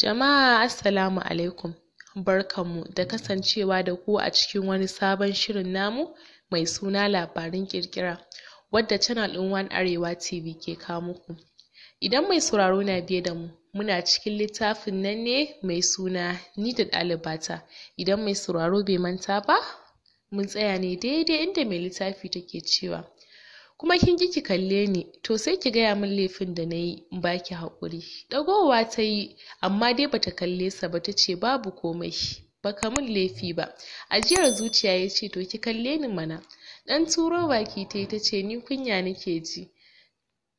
Jama'a Assalamu alaikum barkanmu da kasancewa da ku a cikin wani sabon shirin namu mai suna labarin ƙirƙira wadda channel ɗin One Arewa TV ke kawo muku. Idan mai sauraro na biye da mu muna cikin littafin nan ne mai suna Ni da ɗalibata idan mai sauraro bai manta ba mun tsaya ne daidai inda mai littafi take cewa kuma kin ki kalle ni to sai ki gaya min laifin da na yi in ba ki haƙuri ɗagowa ta yi amma dai bata kalle sa ba ta ce babu komai baka min laifi ba ajiyar zuciya ya ce to ki kalle ni mana ɗan turo baki ta yi ce ni kunya nake ji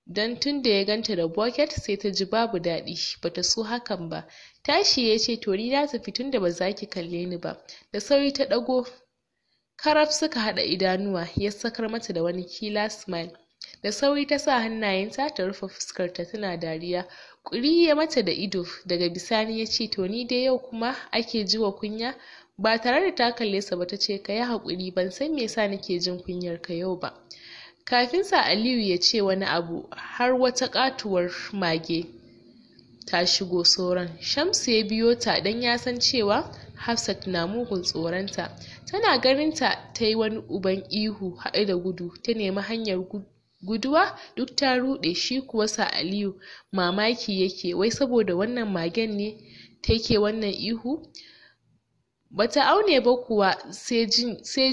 don tun da ya ganta da bucket sai ta ji babu daɗi bata so hakan ba tashi ya ce to ni na tafi tun da ba za ki kalle ni ba da sauri ta ɗago Karaf suka haɗa idanuwa ya sakar mata da wani kila smile. Da sauri ta sa hannayenta ta rufe fuskarta tana dariya. Kuri ya mata da ido daga bisani ya ce to ni dai yau kuma ake ji wa kunya ba tare da ta kalle sa ba ta ce ka yi haƙuri ban san me yasa nake jin kunyar ka yau ba. Kafin sa Aliyu ya ce wani abu har wata katuwar mage ta shigo sauran. Shamsu ya biyo ta dan ya san cewa Hafsat na mugun tsoronta. Tana ganin ta ta yi wani uban ihu haɗe da gudu ta nemi hanyar guduwa duk ta ruɗe shi kuwa sa Aliyu mamaki yake wai saboda wannan magen ne ta ke wannan ihu. Bata aune ba kuwa sai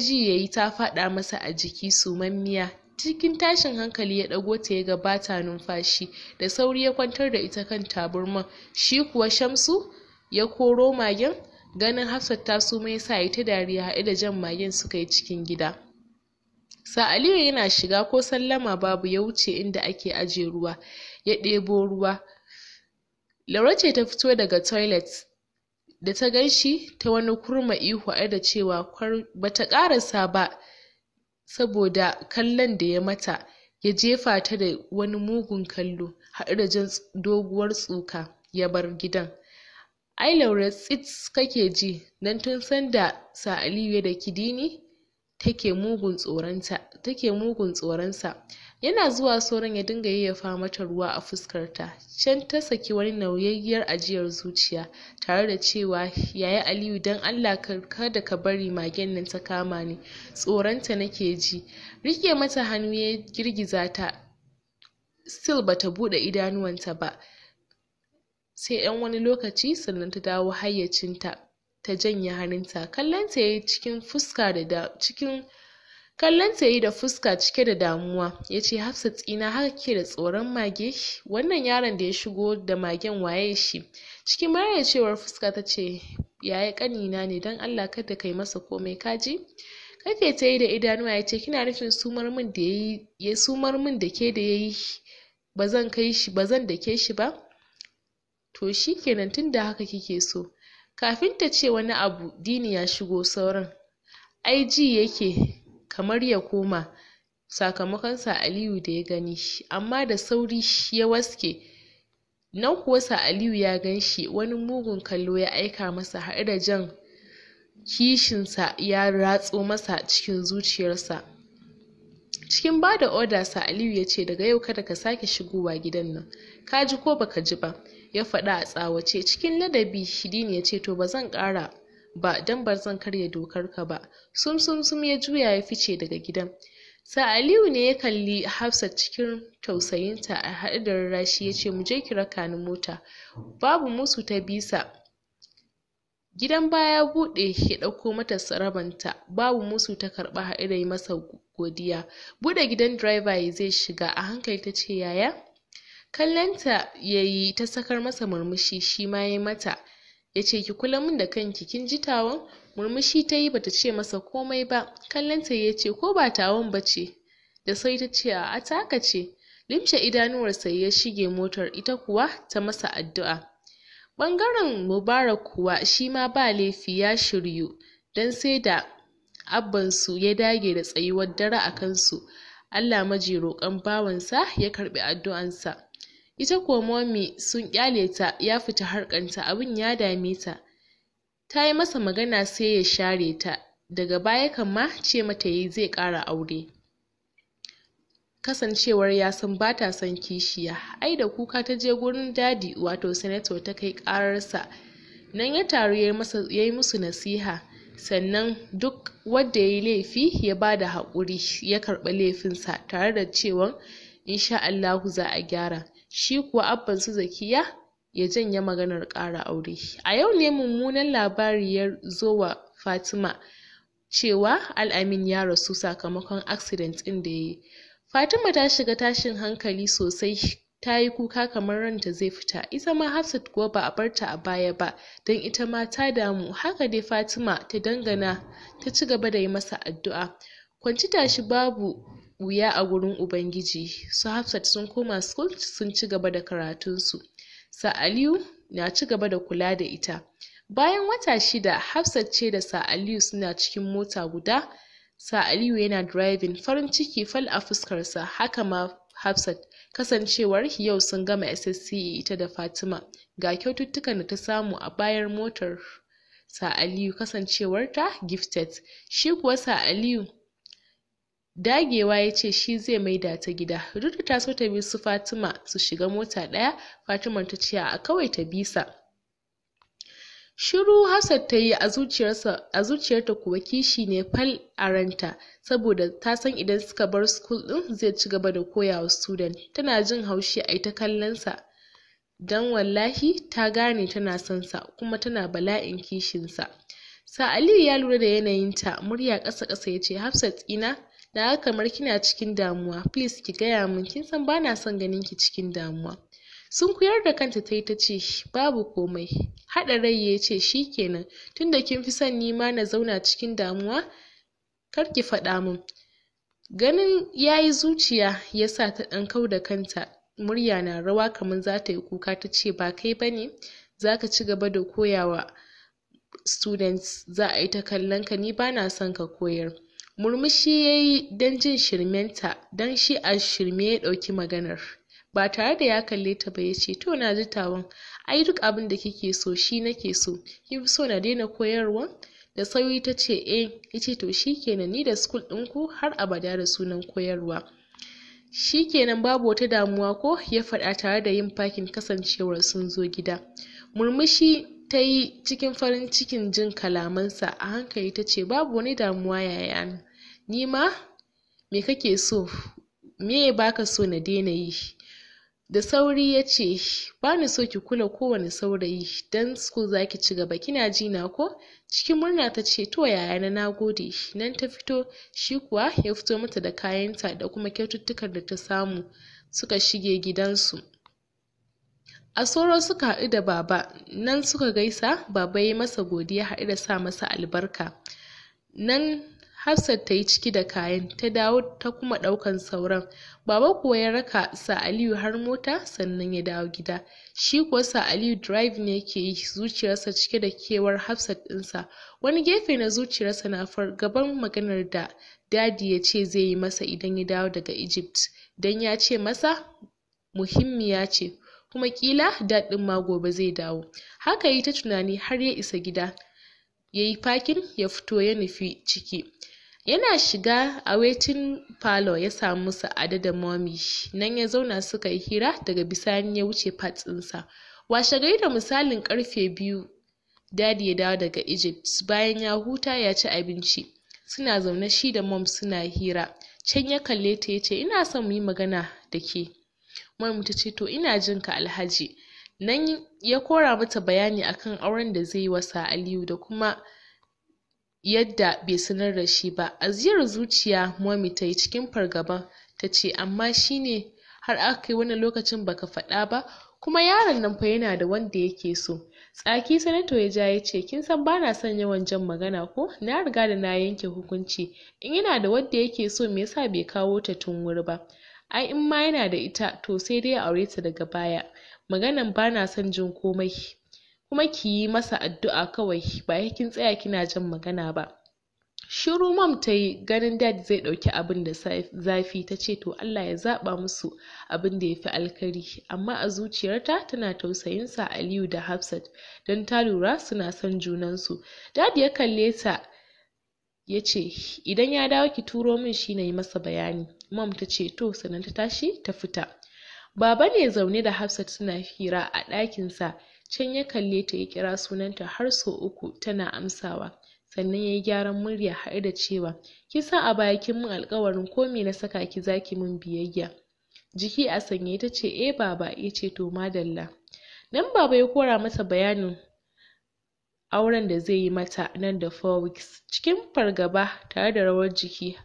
ji ya yi ta faɗa masa a jiki sumammiya cikin tashin hankali ya ɗago ta ya gabata ta numfashi da sauri ya kwantar da ita kan taburman shi kuwa Shamsu ya koro magen Ganin Hafsat ta suma ya sa ta dariya haɗe da jan magen suka yi cikin gida. Sa Aliyu yana shiga ko sallama babu ya wuce inda ake ajiye ruwa, ya ɗebo ruwa. Laure ce ta fito daga toilet da ta gan shi ta wani kurma ihu A da cewa ba ta ƙarasa ba saboda kallon da ya mata ya jefa ta da wani mugun kallo haɗe da jan doguwar tsuka ya bar gidan. ai laure tsits kake ji don tun sanda sa aliyu ya kidini take mugun tsoronta take mugun tsoronsa yana zuwa sauran ya dinga yayyafa mata ruwa a fuskarta can ta saki wani nauyayyiyar ajiyar zuciya tare da cewa yayi aliyu don allah kada ka bari magen nan ta kama ni tsoronta nake ji rike mata hannu ya girgiza ta still bata buɗe idanuwanta ba sai ɗan wani lokaci sannan ta dawo hayyacinta ta janye hannunta kallonta yayi cikin fuska da da cikin kallonta da fuska cike da damuwa yace Hafsat tsina haka ke da tsoron mage wannan yaron da ya shigo da magen waye shi cikin cewar fuska ta tace yaya kanina ne don Allah kada kai masa komai kaji kafe ta yi da idanuwa ya ce kina nufin sumar min da da ke da ba zan kai shi ba zan dake shi ba To shi kenan da haka kike so. Kafin ta ce wani abu Dini ya shigo sauran. Ai ji yake kamar ya koma sakamakon Aliyu da ya gani amma da sauri ya waske. Nan kuwa Aliyu ya gan shi wani mugun kallo ya aika masa har da jan kishinsa ya ratso masa cikin zuciyarsa. Cikin ba da oda Aliyu ya ce daga yau kada ka sake shigowa gidan nan, ka ji ko baka ji ba. ya faɗa a tsawace cikin ladabi Hidin ya ce to ba zan ƙara ba don ba zan karya dokar ka ba sum sum sum ya juya ya fice daga gidan sa Aliyu ne ya kalli Hafsat cikin tausayinta a haɗe da rarrashi ya ce mu je ki raka ni mota babu musu ta bisa gidan baya buɗe ya ɗauko mata sarabanta babu musu ta karɓa haɗe da yi masa godiya buɗe gidan driver zai shiga a hankali ta ce yaya Kallonta ya yi ta sakar masa murmushi shi ma ya mata, ya ce ki kula min da kanki kin ji tawon? Murmushi ta yi bata ce masa komai ba, kallonta ya ce ko ba tawon ba ce? Da sai ta ce a'a taka ce, limshe idanuwarsa ya shige motar ita kuwa ta masa addu'a. Ɓangaren Mubarak kuwa shi ma ba laifi ya shiryu don sai da abbansu ya dage da tsayuwar dare a kansu. Allah maji roƙon bawansa ya karɓi addu'ansa. ita kuwa momi sun kyale ta ya fita harkanta abin ya dame ta ta yi masa magana sai ya share ta daga baya kan ma ce mata ya yi zai kara aure kasancewar ya san ba ta son kishiya ai da kuka ta je gurin dadi wato senator ta kai ƙararsa nan ya taru ya yi musu nasiha sannan duk wanda ya yi laifi ya ba da haƙuri ya karɓi laifinsa tare da cewa insha Allahu za a gyara shi kuwa abbansu Zakiya ya janye maganar ƙara aure. A yau ne mummunan labari ya zo wa Fatima cewa Al'amin ya rasu sakamakon accident ɗin da ya yi. Fatima ta shiga tashin hankali sosai ta yi kuka kamar ranta zai fita ita ma Hafsat kuwa ba a barta a baya ba don ita ma ta damu haka dai Fatima ta dangana ta ci gaba da yi masa addu'a. Kwanci tashi babu wuya a gurin Ubangiji, su Hafsat sun koma school sun ci gaba da karatunsu. sa'aliyu na ci gaba da kula da ita. Bayan wata shida, Hafsat ce da sa'aliyu suna cikin mota guda, Sa yana driving farin ciki fal a fuskarsa, haka ma Hafsat, kasancewar yau sun gama SSCE ita da Fatima, ga kyaututtukan da ta samu a bayan motar sa'aliyu kasancewarta gifted, shi kuwa sa'aliyu dagewa ya ce shi zai maida ta gida rudu ta so ta bi su Fatima su shiga mota ɗaya fatima ta ce a kawai ta bisa. Shiru Hafsat ta yi a zuciyarta kuwa kishi ne fal a ranta saboda ta san idan suka bar school ɗin zai ci gaba da koya wa student tana jin haushi a ita kallon sa dan wallahi ta gane tana son sa kuma tana bala'in kishinsa. sa Aliyu ya lura da yanayinta murya ƙasa ƙasa ya ce Hafsat ina da haka kamar kina cikin damuwa please ki gaya min kin san bana son ganin ki cikin damuwa Sun kuyar da kanta ta yi ta ce babu komai haɗa rai ya ce shi kenan, tunda kin fi son nima na zauna cikin damuwa kar ki faɗa min ganin ya yi zuciya ya sa ta ɗan kau da kanta murya na rawa kamar za ta yi kuka ta ce ba kai ba ne za ka ci gaba da koyawa students za a yi ta kallon ka ni ba na son ka koyar Murmushi ya yi don jin shirmenta, don shi a shirme ya ɗauki maganar. Ba tare da ya kalle ta ba ya ce, To na ji tawon ai duk abin da kike so shi nake so, kifi fi so na daina koyarwa? Da sauyi ta ce, Eh, ya ce, To shi kenan ni da skul ɗinku har abada da sunan koyarwa. Shi kenan babu wata damuwa ko ya faɗa tare da yin fakin kasancewar sun zo gida. Murmushi ta yi cikin farin cikin jin kalamansa a hankali ta ce babu wani damuwa yaya ni ma me kake so me baka so na daina yi da sauri ya ce ba ni so ki kula kowane saurayi don su za ki ci gaba kina ji na ko cikin murna ta ce to yayana na nagode nan ta fito shi kuwa ya fito mata da kayanta da kuma kyaututtukan da ta samu suka shige gidansu A Soro suka haɗu da Baba, nan suka gaisa, Baba ya yi masa godiya haɗu da sa masa albarka. Nan Hafsat ta yi ciki da kayan, ta dawo ta kuma ɗaukan sauran. Baba kuwa ya raka sa Aliyu har mota sannan ya dawo gida. Shi kuwa sa Aliyu drive ne ke yi zuciyarsa cike da kewar Hafsat ɗinsa. Wani gefe na zuciyarsa na far gaban maganar da dadi ya ce zai yi masa idan ya dawo daga Egypt, don ya ce masa muhimmiya ce. kuma ƙila daɗin ma gobe zai dawo haka yayi ta tunani har ya isa gida yayi fakin ya fito ya nufi ciki yana shiga a waiting parlour ya samu sa'ada da mommy nan ya zauna suka yi hira daga bisani ya wuce part ɗinsa washe gari da misalin karfe biyu dadi ya dawo daga egypt bayan ya huta ya ci abinci suna zaune shi da mom suna hira can ya kalle ta yace ina son mu yi magana da ke Maryam ta ce to ina jin ka Alhaji. Nan ya kora mata bayani akan auren da zai yi wa Aliyu da kuma yadda bai sanar da shi ba. aziyar zuciya Momi ta yi cikin fargaba ta ce amma shi ne har aka yi wannan lokacin baka faɗa ba kuma yaron nan fa yana da wanda yake so. Tsaki Sanato ya ja ya ce kin san bana son yawan jan magana ko na riga da na yanke hukunci in yana da wanda yake so me yasa bai kawo ta tun wuri ba. ai in ma yana da ita to sai dai ya aure ta daga baya maganan ba na son jin komai kuma ki yi masa addu'a kawai ba sai kin tsaya kina jan magana ba shiru mam ta yi ganin dad zai ɗauki abin da zafi ta ce to Allah ya zaɓa musu abin da ya fi alkari amma a zuciyarta tana tausayin sa Aliyu da Hafsat don ta lura suna son junansu dad ya kalle ta ya ce idan ya dawo ki turo min shi na yi masa bayani Mam ta ce to sannan ta tashi ta fita baba ne zaune da hafsat suna hira a ɗakinsa can ya kalle ta ya kira sunanta har sau uku tana amsawa sannan ya yi gyaran murya haɗe da cewa kin sa a baya kin min alƙawarin ko me na saka ki zaki min biyayya jiki a sanye ta ce eh baba ya ce to madalla nan baba ya kora masa bayanin auren da zai yi mata nan da 4 weeks cikin fargaba tare da rawar jiki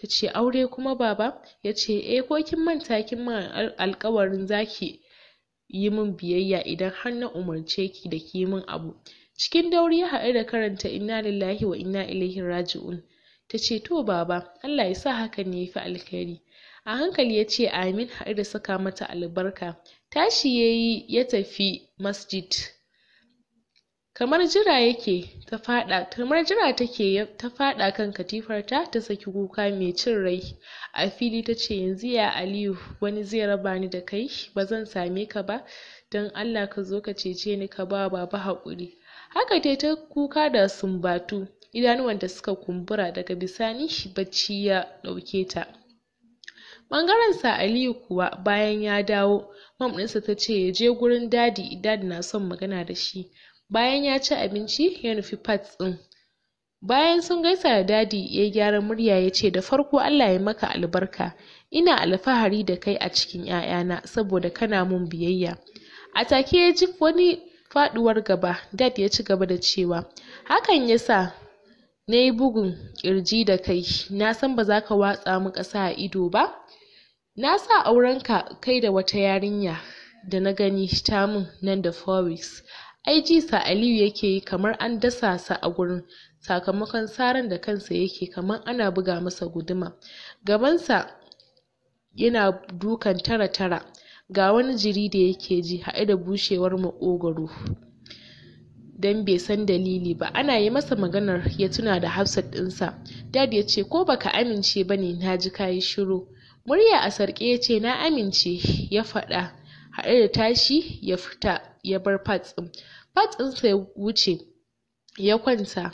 ta ce aure kuma baba ya ce eh ko kin manta kin min alkawarin zaki yi min biyayya idan har na umarce ki da ki yi min abu cikin dauri ya haɗu da karanta inna lillahi wa inna ilaihi raji'un ta ce to baba Allah ya sa hakan ne fi alkhairi a hankali ya ce amin haɗu da saka mata albarka tashi yayi ya tafi masjid kamar jira yake ta faɗa kamar jira take ta faɗa kan katifarta ta saki kuka mai cin rai a fili ta ce yanzu ya aliyu wani zai raba ni da kai ba zan same ka ba don allah ka zo ka cece ni ka ba baba haƙuri haka dai ta kuka da sumbatu idanuwanta suka kumbura daga bisani bacci ya ɗauke ta ɓangaren sa aliyu kuwa bayan ya dawo mom ɗinsa ta ce ya je gurin dadi dadi na son magana da shi Bayan ya ci abinci ya nufi pads ɗin. Bayan sun gaisa da dadi ya gyara murya ya ce da farko Allah ya maka albarka ina alfahari da kai a cikin ‘ya'yana saboda kana mun biyayya. A take ya ji wani faɗuwar gaba dad ya ci gaba da cewa hakan ya sa na yi bugun ƙirji da kai na san ba za ka watsa mu ƙasa a ido ba na sa aurenka kai da wata yarinya da na gani ta mun nan da four ai jisa Aliyu yake yi kamar an dasa sa a gurin sakamakon saran da kansa yake kamar ana buga masa guduma gabansa yana dukan tara tara ga wani jiri da yake ji haɗe da bushewar maƙogaro don bai san dalili ba ana yi masa maganar ya tuna da Hafsat ɗinsa Dad ya ce ko baka amince ba ne na ji kayi shiru murya a sarƙe ya ce na amince ya faɗa haɗe da tashi ya fita ya bar pads din pads ɗinsa ya wuce ya kwanta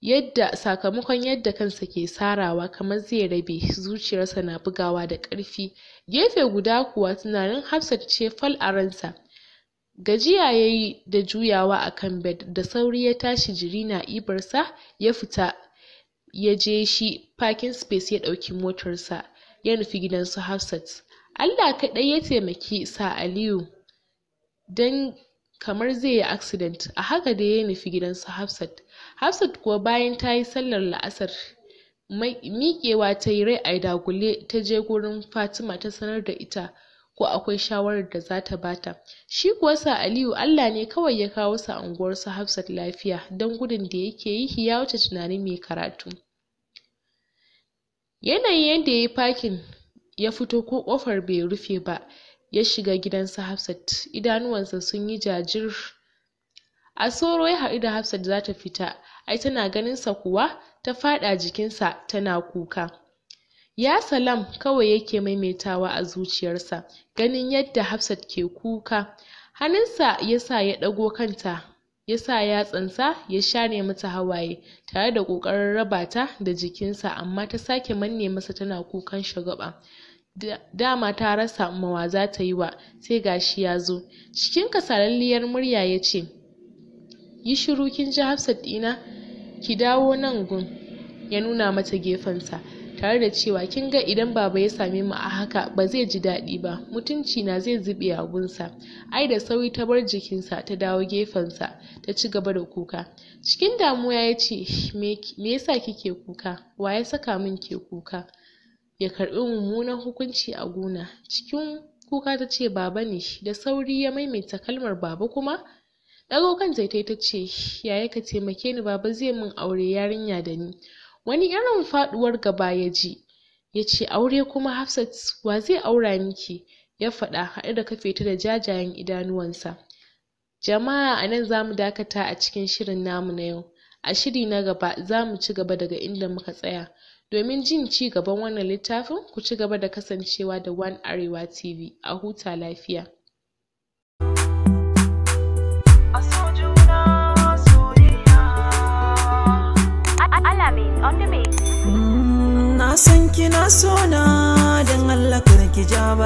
yadda sakamakon yadda kansa ke sarawa kamar zai rabe zuciyarsa na bugawa da ƙarfi gefe guda kuwa tunanin Hafsat ce fal a ransa gajiya ya yi da juyawa a kan bed da sauri ya tashi jiri na ibarsa ya fita ya je shi parking space ya ɗauki motarsa ya nufi gidan su Hafsat Allah kaɗai ya taimaki sa Aliyu don kamar zai yi accident a haka dai ya nufi gidan su Hafsat Hafsat kuwa bayan ta yi sallar la'asar miƙewa ta yi rai a dagule ta je gurin Fatima ta sanar da ita ko akwai shawarar da za ta bata shi kuwa sa Aliyu Allah ne kawai ya kawo sa unguwar su Hafsat lafiya don gudun da yake yi ya wuce tunanin mai karatu yanayin yadda ya yi fakin ya fito ko ƙofar bai rufe ba ya shiga gidansa Hafsat idanuwansa sun yi jajir a soro ya haɗu da Hafsat za ta fita ai tana ganinsa kuwa ta faɗa jikinsa tana kuka ya salam kawai yake maimaitawa a zuciyarsa ganin yadda Hafsat ke kuka hannunsa ya sa ya ɗago kanta ya sa yatsansa ya share mata hawaye tare da ƙoƙarin raba ta da jikinsa amma ta sake manne masa tana kukan shagwaɓa dama ta rasa ma wa za ta yi wa sai ga shi ya zo cikin kasalalliyar murya ya ce yi shiru kin ji hafsat ɗina ki dawo nan gun ya nuna mata gefensa tare da cewa kin ga idan baba ya same mu a haka ba zai ji daɗi ba mutunci na zai zube a gunsa ai da sauyi ta bar jikinsa ta dawo gefensa ta ci gaba da kuka cikin damuwa ya ce me yasa kike kuka wa ya saka min ke kuka ya karɓi mummunan hukunci a gona. cikin kuka ta ce baba ne da sauri ya maimaita kalmar baba kuma ɗago kan zaitai ta ce yaya ka taimake ni baba zai min aure yarinya da ni wani irin faɗuwar gaba ya ji ya ce aure kuma hafsat wa zai aura miki ya faɗa haɗe da kafe ta da jajayen idanuwansa jama'a a nan za mu dakata a cikin shirin namu na yau a shiri na gaba za mu ci gaba daga inda muka tsaya Domin jin ci gaban wannan littafin ku ci gaba da kasancewa da One Arewa TV a huta lafiya. Na san kina sona don Allah ki ja ba.